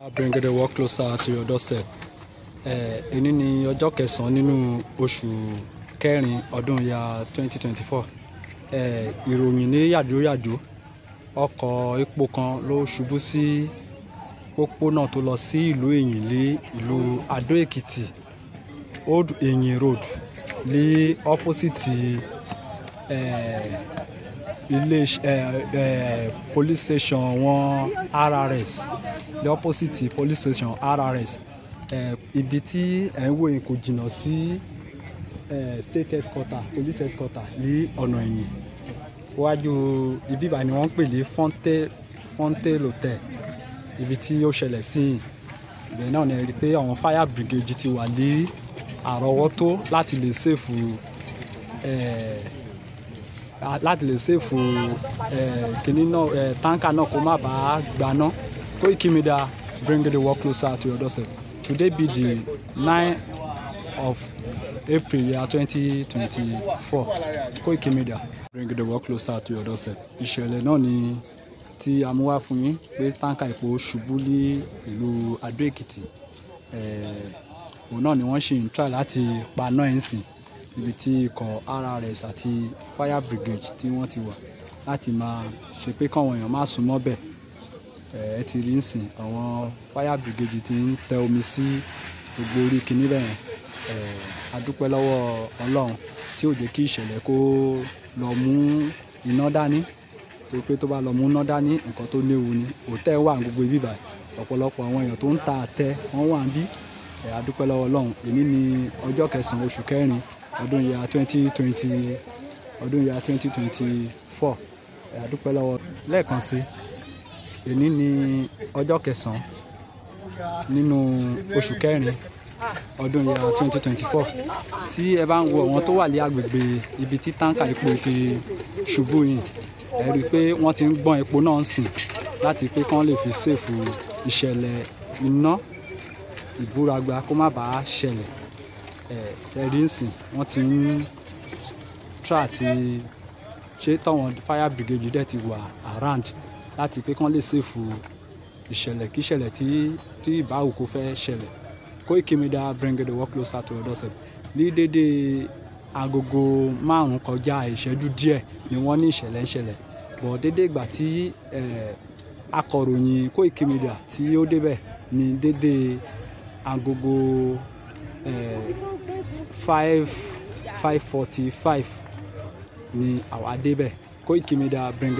I bring the work closer to your doorstep. Eh, èní ni ọjọ́ kẹsàn-án nínú oṣù kẹrin ọdún ya 2024. Eh, ìròyìn ní yàjóyàjó ọkọ̀ epo kan ló ṣubú sí pópónà tó lọ sí ìlú Ẹ̀yìn ní ìlú Adó-Èkìtì Old Ẹ̀yìn Road ní ọ́pọ́sìtì ilé eh, eh, police station wọn RRS the opposite police station RRS eh, ibi tí ẹ̀ ń wò yìí kò jìnnà sí state headquarter police headquarter ní ọ̀nà ẹ̀yìn wájú ibi ìbá ni wọ́n ń pè ní Fontaine hotel ibi tí ó ṣẹlẹ̀ sí yìí ibẹ̀ náà ni ẹ rí i pé àwọn fire brigade ti wà ní àrọ́wọ́tó láti lè ṣèfù ẹ̀ẹ́ láti lè ṣèfù kìnní náà táǹkà náà kó má bàa gbaná Koiki Media bring the work closer to your doorstep today be the nine of April year twenty twenty four Koiki Media bring the work closer to your doorstep ìṣẹ̀lẹ̀ náà ni ti a mú wá fún yín pé táǹkà epo ṣubú ní ìlú Adó Èkìtì òun náà ni wọ́n ṣì ń try láti paná ẹ̀ ń sìn níbi tí ikọ̀ RRS àti fire brigade tí wọ́n ti wà láti máa ṣe pé káwọn èèyàn má sún mọ́ bẹ̀ ẹ ti rí nsìn àwọn fire brigade ti ń tẹ omi sí gbogbo orí kinní bẹ́ẹ̀ adúpẹ́ lọ́wọ́ Ọlọ́run tí ò jẹ́ kí ìṣẹ̀lẹ̀ kó lọ mú iná dání torí pé tó bá lọ mú iná dání nǹkan tó léwu ni òtẹ́ wà gbogbo ibi báyìí ọ̀pọ̀lọpọ̀ àwọn èèyàn tó ń ta àtẹ wọ́n wà ń bí adúpẹ́ lọ́wọ́ Ọlọ́run èmi ni ọjọ́ kẹsàn-án oṣù kẹrin ọdún ya twenty twenty ọdún ya twenty twenty four ẹ̀ àdúpẹ́ lọ́wọ́. lẹ́ẹ̀kan sí èní ni ọjọ́ kẹsàn-án nínú oṣù kẹrin ọdún ya twenty twenty four tí ẹ bá ń wo àwọn tó wà ní agbègbè ibi tí táǹkà epo ti ṣubú yìí ẹ rí i pé wọ́n ti ń gbọ́n epo náà ń sìn láti pé kán lè fi ṣèfù ìṣẹ̀lẹ̀ iná ìbúragba kó má bàa ṣẹlẹ̀ ẹ̀rí nsìn wọ́n ti ń tra àti ṣe táwọn fire brigade dẹ̀ ti wà around láti pé kán lè ṣèfù ìṣẹ̀lẹ̀ kí ìṣẹ̀lẹ̀ tí tí ìbáwò kó fẹ́ ṣẹlẹ̀ Koiki Media bring the work closer to your doorstep ní dédé agogo márùn-ún kọjá ìṣẹ́jú díẹ̀ ni wọ́n ní ìṣẹ̀lẹ̀ ń ṣẹlẹ̀ bọ̀ dédé ìgbà tí akọ̀ròyìn Koiki Media tí ó débẹ̀ ní dédé agogo. Eh, five five forty five ni àwa débẹ̀ Koikimedia bring